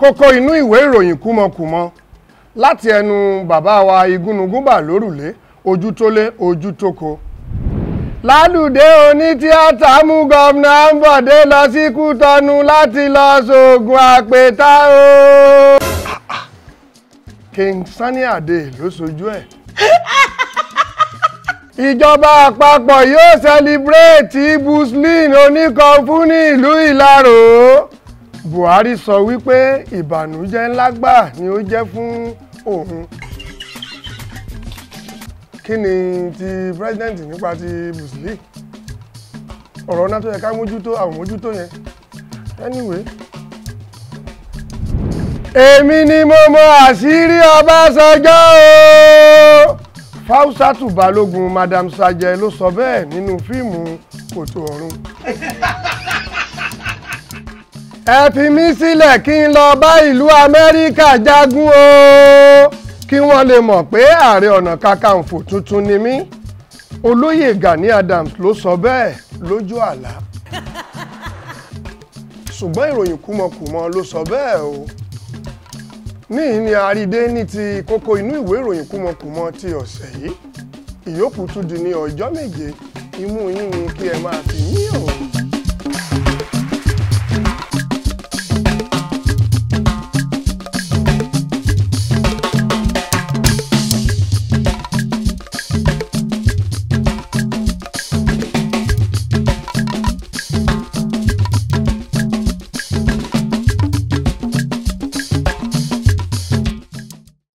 kókó inú ìwé ìròyìn kúmọkùmọ láti ẹnu bàbá wa igúnnugúnbà lórùlé ojú tó lé ojú tó ko. lálùdé onítíátà mú gọ́mìnà Ambode lọ sí Kútọ́nù láti lọ sóògùn àpètà o. King Sani Ade ló sojú ẹ̀. ìjọba àpapọ̀ yóò sẹlibréètì buslin oníkan fún ní ìlú Ìlaró. Buhari sọ wípé ìbànújẹ́ ńlá gbà ni ó jẹ́ fún òun kí ni ti president nípa ti Buhari ọ̀rọ̀ náà tó yẹ ká mójútó àwọn mójútó yẹn anyway èmi ni mo mọ àṣírí Ọbásanjọ́ o Fáúsátù Balógun Madam Sajẹ ló sọ bẹ́ẹ̀ nínú fíìmù Kòtò Ọ̀run. ẹ fi mí sílẹ̀ kí n lọ bá ìlú amẹ́ríkà jagun o kí wọ́n lè mọ̀ pé ààrẹ ọ̀nà kakanfò tuntun ni mí olóyè Gani Adams ló sọ bẹ́ẹ̀ lójú àlá ṣùgbọ́n ìròyìn kúmọkùmọ ló sọ bẹ́ẹ̀ o níyìn ni àrídé ní ti kókó inú ìwé ìròyìn kúmọkùmọ ti ọ̀sẹ̀ yìí ìyókù tún di ní ọjọ́ méje imú yín ni kí ẹ máa fi yín o.